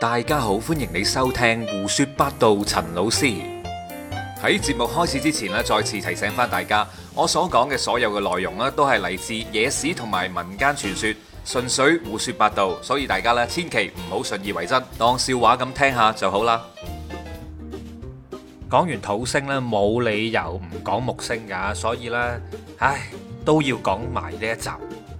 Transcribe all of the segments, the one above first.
大家好，歡迎你收聽胡說八道。陳老師喺節目開始之前咧，再次提醒翻大家，我所講嘅所有嘅內容咧，都係嚟自野史同埋民間傳說，純粹胡說八道，所以大家咧千祈唔好信以為真，當笑話咁聽下就好啦。講完土星咧，冇理由唔講木星噶，所以呢，唉，都要講埋呢一集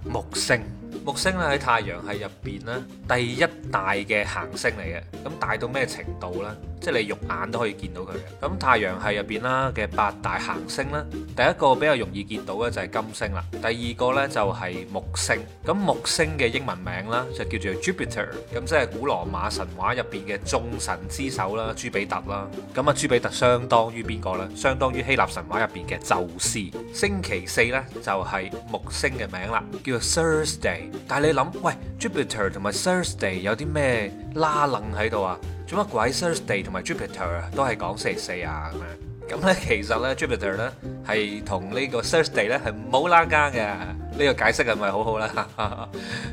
木星。木星咧喺太陽系入邊咧第一大嘅行星嚟嘅，咁大到咩程度呢？即係你肉眼都可以見到佢嘅。咁太陽系入邊啦嘅八大行星啦。第一個比較容易見到嘅就係金星啦。第二個呢就係木星。咁木星嘅英文名啦就叫做 Jupiter。咁即係古羅馬神話入邊嘅眾神之首啦，朱比特啦。咁啊，朱比特相當於邊個呢？相當於希臘神話入邊嘅宙斯。星期四呢，就係木星嘅名啦，叫做 Thursday。但係你諗，喂，Jupiter 同埋 Thursday 有啲咩拉楞喺度啊？做乜鬼 Thursday 同埋 Jupiter 都係講星期四啊咁樣？咁咧其實咧 Jupiter 咧係同呢個 Thursday 咧係冇拉更嘅，呢、這個解釋係咪好好啦？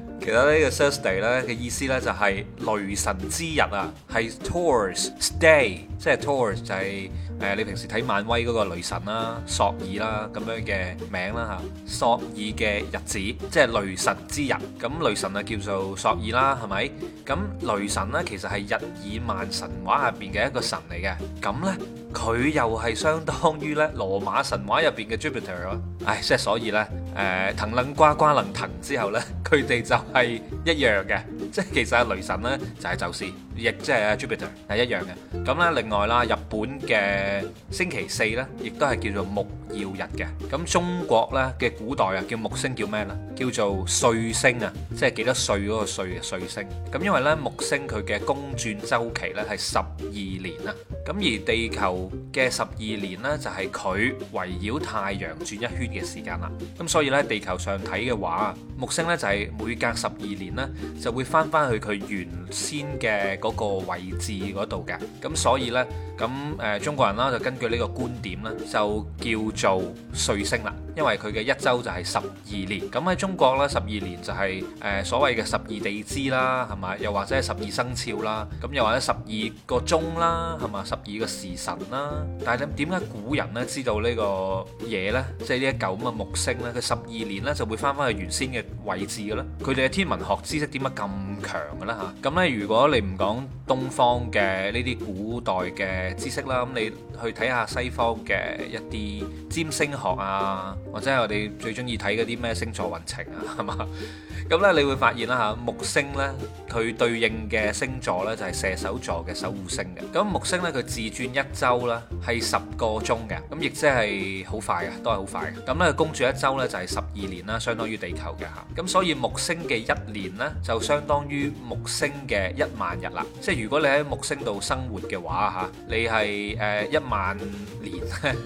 其實呢個 Thursday 呢，嘅意思呢就係雷神之日啊，係 Taurus Day，即係 Taurus 就係誒你平時睇漫威嗰個雷神啦，索爾啦咁樣嘅名啦吓，「索爾嘅日子，即係雷神之日。咁、就是呃、雷神啊叫做索爾啦，係咪？咁雷神呢，其實係日耳曼神話下邊嘅一個神嚟嘅，咁呢。佢又係相當於呢羅馬神話入邊嘅 Jupiter 啊！唉，即係所以呢，誒騰騰呱呱能騰之後呢，佢哋就係一樣嘅。即係其實阿雷神呢就係宙斯，亦即係阿 Jupiter 係一樣嘅。咁呢另外啦，日本嘅星期四呢亦都係叫做木曜日嘅。咁中國呢嘅古代啊，叫木星叫咩呢？叫做歲星啊，即係幾多歲嗰個歲嘅歲星。咁因為呢木星佢嘅公轉週期呢係十二年啊。咁而地球嘅十二年呢，就係佢圍繞太陽轉一圈嘅時間啦。咁所以呢，地球上睇嘅話，木星呢就係每隔十二年呢，就會翻翻去佢原先嘅嗰個位置嗰度嘅。咁所以呢，咁誒，中國人啦就根據呢個觀點呢，就叫做歲星啦。因為佢嘅一周就係十二年，咁喺中國呢，十二年就係、是、誒、呃、所謂嘅十二地支啦，係嘛？又或者係十二生肖啦，咁又或者十二個鐘啦，係嘛？十二個時辰啦。但係咧，點解古人咧知道呢個嘢呢？即係呢一嚿咁嘅木星呢，佢十二年呢就會翻返去原先嘅位置嘅咧。佢哋嘅天文學知識點解咁強嘅咧？嚇！咁呢，如果你唔講東方嘅呢啲古代嘅知識啦，咁你去睇下西方嘅一啲占星學啊～或者係我哋最中意睇嗰啲咩星座運程啊，係嘛？咁咧，你會發現啦嚇，木星咧佢對應嘅星座咧就係射手座嘅守護星嘅。咁木星咧佢自轉一週啦係十個鐘嘅，咁亦即係好快嘅，都係好快嘅。咁咧公轉一週咧就係十二年啦，相當於地球嘅嚇。咁所以木星嘅一年咧就相當於木星嘅一萬日啦。即係如果你喺木星度生活嘅話嚇，你係誒一萬年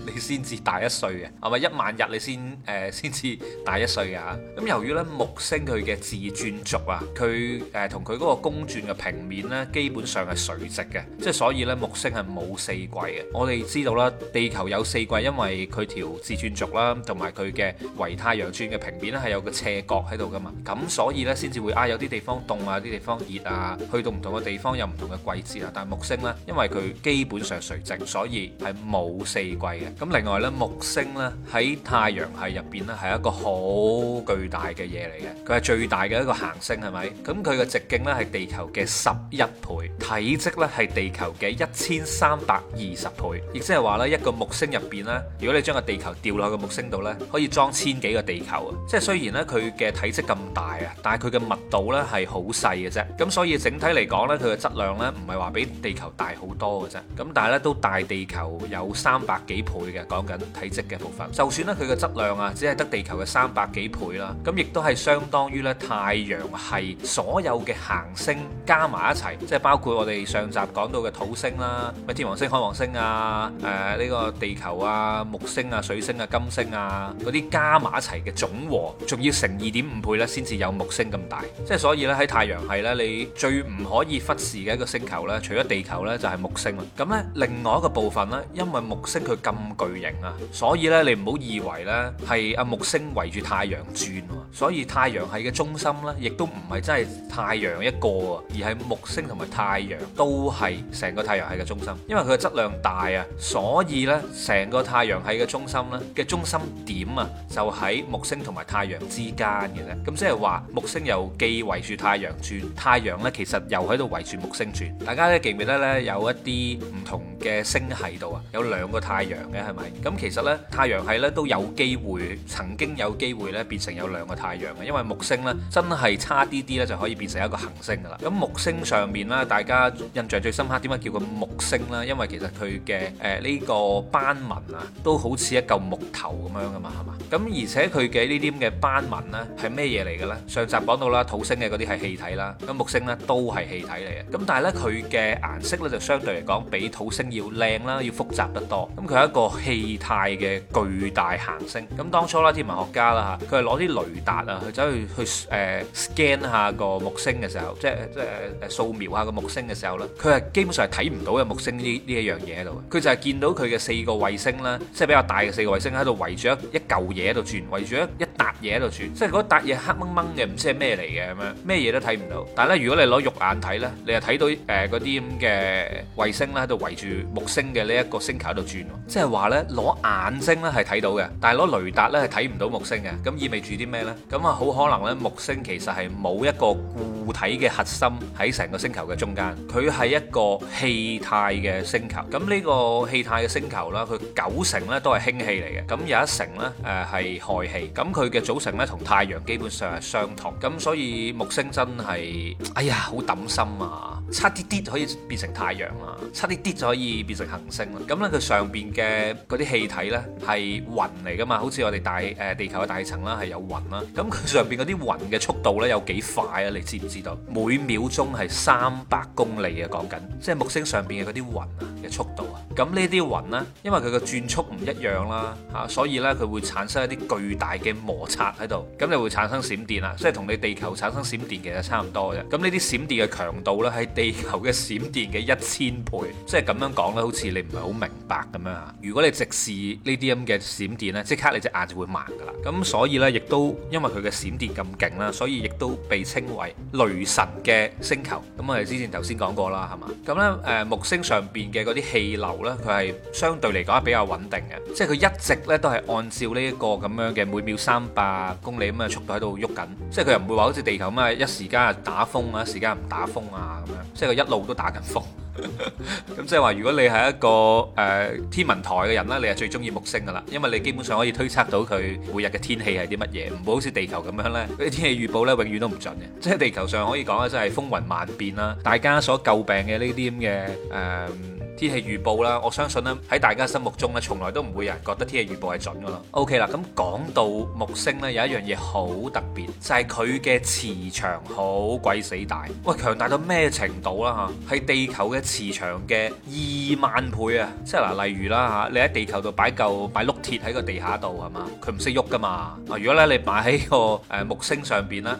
你先至大一歲嘅，係咪一萬日你先？先誒先至大一歲㗎，咁由於咧木星佢嘅自轉軸啊，佢誒同佢嗰個公轉嘅平面咧，基本上係垂直嘅，即係所以咧木星係冇四季嘅。我哋知道啦，地球有四季，因為佢條自轉軸啦，同埋佢嘅圍太陽轉嘅平面咧係有個斜角喺度㗎嘛，咁所以咧先至會啊有啲地方凍啊，有啲地方熱啊，去到唔同嘅地方有唔同嘅季節啊。但係木星咧，因為佢基本上垂直，所以係冇四季嘅。咁另外咧，木星咧喺太陽係入邊咧，係一個好巨大嘅嘢嚟嘅。佢係最大嘅一個行星，係咪？咁佢嘅直徑咧係地球嘅十一倍，體積咧係地球嘅一千三百二十倍。亦即係話咧，一個木星入邊咧，如果你將個地球掉落去個木星度咧，可以裝千幾個地球啊！即係雖然咧佢嘅體積咁大啊，但係佢嘅密度咧係好細嘅啫。咁所以整體嚟講咧，佢嘅質量咧唔係話比地球大好多嘅啫。咁但係咧都大地球有三百幾倍嘅，講緊體積嘅部分。就算咧佢嘅質量啊，只係得地球嘅三百幾倍啦。咁亦都係相當於咧太陽系所有嘅行星加埋一齊，即係包括我哋上集講到嘅土星啦，咩天王星、海王星啊，誒呢個地球啊、木星啊、水星啊、金星啊嗰啲加埋一齊嘅總和，仲要乘二點五倍咧，先至有木星咁大。即係所以咧喺太陽系咧，你最唔可以忽視嘅一個星球咧，除咗地球咧，就係木星啦。咁咧另外一個部分咧，因為木星佢咁巨型啊，所以咧你唔好以為咧。係阿木星圍住太陽轉，所以太陽系嘅中心呢，亦都唔係真係太陽一個，而係木星同埋太陽都係成個太陽系嘅中心。因為佢嘅質量大啊，所以呢成個太陽系嘅中心呢嘅中心點啊，就喺木星同埋太陽之間嘅啫。咁即係話木星又既圍住太陽轉，太陽呢其實又喺度圍住木星轉。大家咧記唔記得呢有一啲唔同？嘅星系度啊，有兩個太陽嘅，係咪？咁其實咧，太陽系咧都有機會曾經有機會咧變成有兩個太陽嘅，因為木星咧真係差啲啲咧就可以變成一個行星噶啦。咁木星上面啦，大家印象最深刻點解叫佢木星咧？因為其實佢嘅誒呢個斑紋啊，都好似一舊木頭咁樣噶嘛，係嘛？咁而且佢嘅呢啲咁嘅斑紋咧係咩嘢嚟嘅咧？上集講到啦，土星嘅嗰啲係氣體啦，咁木星咧都係氣體嚟嘅，咁但係咧佢嘅顏色咧就相對嚟講比土星要靚啦，要複雜得多。咁佢係一個氣態嘅巨大行星。咁當初啦，天文學家啦嚇，佢係攞啲雷達啊，佢走去去誒 scan 下個木星嘅時候，即係即係掃描下個木星嘅時候咧，佢係基本上係睇唔到嘅木星呢呢一樣嘢喺度。佢就係見到佢嘅四個衛星啦，即係比較大嘅四個衛星喺度圍住一一嚿嘢喺度轉，圍住一一笪嘢喺度轉，即係嗰笪嘢黑掹掹嘅，唔知係咩嚟嘅咁樣，咩嘢都睇唔到。但係咧，如果你攞肉眼睇咧，你係睇到誒嗰啲咁嘅衛星咧喺度圍住。木星嘅呢一個星球喺度轉，即係話呢，攞眼睛呢係睇到嘅，但係攞雷達呢係睇唔到木星嘅，咁意味住啲咩呢？咁啊好可能呢，木星其實係冇一個固體嘅核心喺成個星球嘅中間，佢係一個氣態嘅星球。咁呢個氣態嘅星球呢，佢九成呢都係氫氣嚟嘅，咁有一成呢誒係氦氣。咁佢嘅組成呢，同太陽基本上係相同。咁所以木星真係哎呀好抌心啊，差啲啲就可以變成太陽啊，差啲啲就可以。變成恆星啦，咁咧佢上邊嘅嗰啲氣體呢係雲嚟噶嘛，好似我哋大誒、呃、地球嘅大氣層啦，係有雲啦、啊，咁、嗯、佢上邊嗰啲雲嘅速度呢，有幾快啊？你知唔知道？每秒鐘係三百公里啊，講緊，即係木星上邊嘅嗰啲雲啊。速度啊，咁呢啲雲咧，因為佢嘅轉速唔一樣啦，吓、啊，所以咧，佢會產生一啲巨大嘅摩擦喺度，咁就會產生閃電啦，即係同你地球產生閃電其實差唔多嘅。咁呢啲閃電嘅強度咧，係地球嘅閃電嘅一千倍，即係咁樣講咧，好似你唔係好明白咁樣啊。如果你直視呢啲咁嘅閃電咧，即刻你隻眼就會盲噶啦。咁所以咧，亦都因為佢嘅閃電咁勁啦，所以亦都被稱為雷神嘅星球。咁我哋之前頭先講過啦，係嘛？咁咧，誒、呃、木星上邊嘅嗰啲。氣流咧，佢係相對嚟講係比較穩定嘅，即係佢一直咧都係按照呢一個咁樣嘅每秒三百公里咁嘅速度喺度喐緊，即係佢又唔會話好似地球咁啊，一時間啊打風啊，一時間唔打風啊咁樣，即係佢一路都打緊風。咁即係話，如果你係一個誒天文台嘅人咧，你係最中意木星噶啦，因為你基本上可以推測到佢每日嘅天氣係啲乜嘢，唔會好似地球咁樣咧，啲天氣預報咧永遠都唔準嘅。即係地球上可以講咧，真係風雲萬變啦，大家所詬病嘅呢啲咁嘅誒。天氣預報啦，我相信咧喺大家心目中咧，從來都唔會有人覺得天氣預報係準㗎喇。OK 啦，咁講到木星咧，有一樣嘢好特別，就係佢嘅磁場好鬼死大，喂，強大到咩程度啦？嚇，係地球嘅磁場嘅二萬倍啊！即係嗱，例如啦嚇，你喺地球度擺嚿擺碌鐵喺個地下度係嘛，佢唔識喐㗎嘛。啊，如果咧你擺喺個誒木星上邊咧，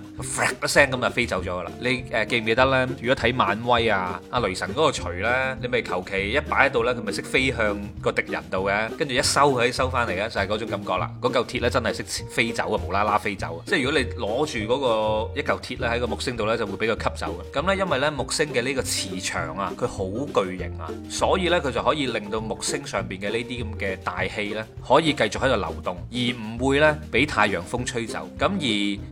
一聲咁就飛走咗㗎喇。你誒記唔記得咧？如果睇漫威啊，阿雷神嗰個錘咧，你咪求其～一擺喺度呢佢咪識飛向個敵人度嘅，跟住一收佢收翻嚟嘅，就係嗰種感覺啦。嗰嚿鐵呢真係識飛走啊，無啦啦飛走啊！即係如果你攞住嗰個一嚿鐵呢，喺個木星度呢，就會俾佢吸走嘅。咁呢，因為呢木星嘅呢個磁場啊，佢好巨型啊，grandma. 所以呢，佢就可以令到木星上邊嘅呢啲咁嘅大氣呢，可以繼續喺度流動，而唔會呢，俾太陽風吹走。咁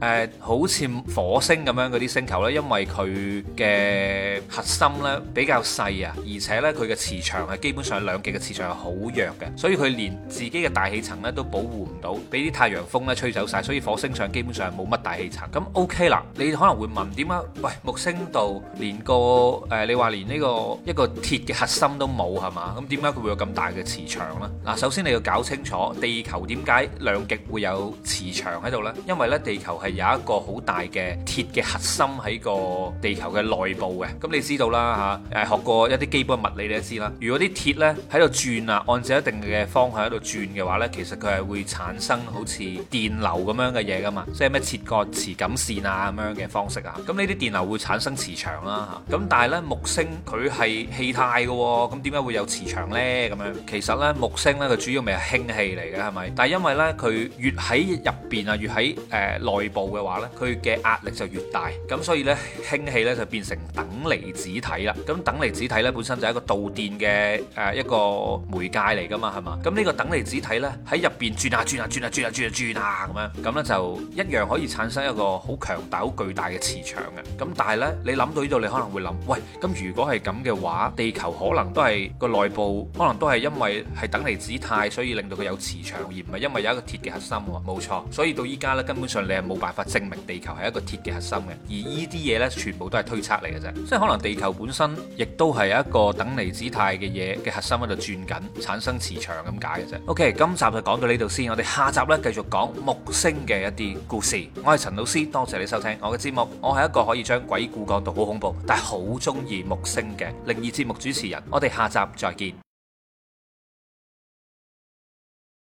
而誒好似火星咁樣嗰啲星球呢，因為佢嘅核心呢，比較細啊，而且呢，佢嘅磁場係基本上兩極嘅磁場係好弱嘅，所以佢連自己嘅大氣層咧都保護唔到，俾啲太陽風咧吹走晒。所以火星上基本上係冇乜大氣層。咁 OK 啦，你可能會問點解？喂，木星度連個誒、呃，你話連呢、呢個一個鐵嘅核心都冇係嘛？咁點解佢會有咁大嘅磁場呢？嗱，首先你要搞清楚地球點解兩極會有磁場喺度呢？因為呢，地球係有一個好大嘅鐵嘅核心喺個地球嘅內部嘅。咁你知道啦嚇，誒、啊、學過一啲基本物理咧。啦，如果啲鐵咧喺度轉啊，按照一定嘅方向喺度轉嘅話咧，其實佢係會產生好似電流咁樣嘅嘢噶嘛，即係咩切割磁感線啊咁樣嘅方式啊。咁呢啲電流會產生磁場啦。咁、嗯、但係咧木星佢係氣態嘅喎，咁點解會有磁場咧？咁樣其實咧木星咧佢主要咪係氫氣嚟嘅係咪？但係因為咧佢越喺入邊啊，越喺誒內部嘅話咧，佢嘅壓力就越大，咁所以咧氫氣咧就變成等離子體啦。咁等離子體咧本身就係一個導電嘅誒一個媒介嚟㗎嘛，係嘛？咁呢個等離子體咧喺入邊轉下轉下轉下轉下轉啊轉啊咁樣，咁咧就一樣可以產生一個好強大、好巨大嘅磁場嘅。咁但係咧，你諗到呢度，你可能會諗，喂，咁如果係咁嘅話，地球可能都係個內部，可能都係因為係等離子態，所以令到佢有磁場，而唔係因為有一個鐵嘅核心。冇錯，所以到依家咧根本上你係冇辦法證明地球係一個鐵嘅核心嘅，而呢啲嘢咧全部都係推測嚟嘅啫。即係可能地球本身亦都係一個等離子。態嘅嘢嘅核心喺度轉緊，產生磁場咁解嘅啫。OK，今集就講到呢度先，我哋下集咧繼續講木星嘅一啲故事。我係陳老師，多謝你收聽我嘅節目。我係一個可以將鬼故講到好恐怖，但係好中意木星嘅靈異節目主持人。我哋下集再見。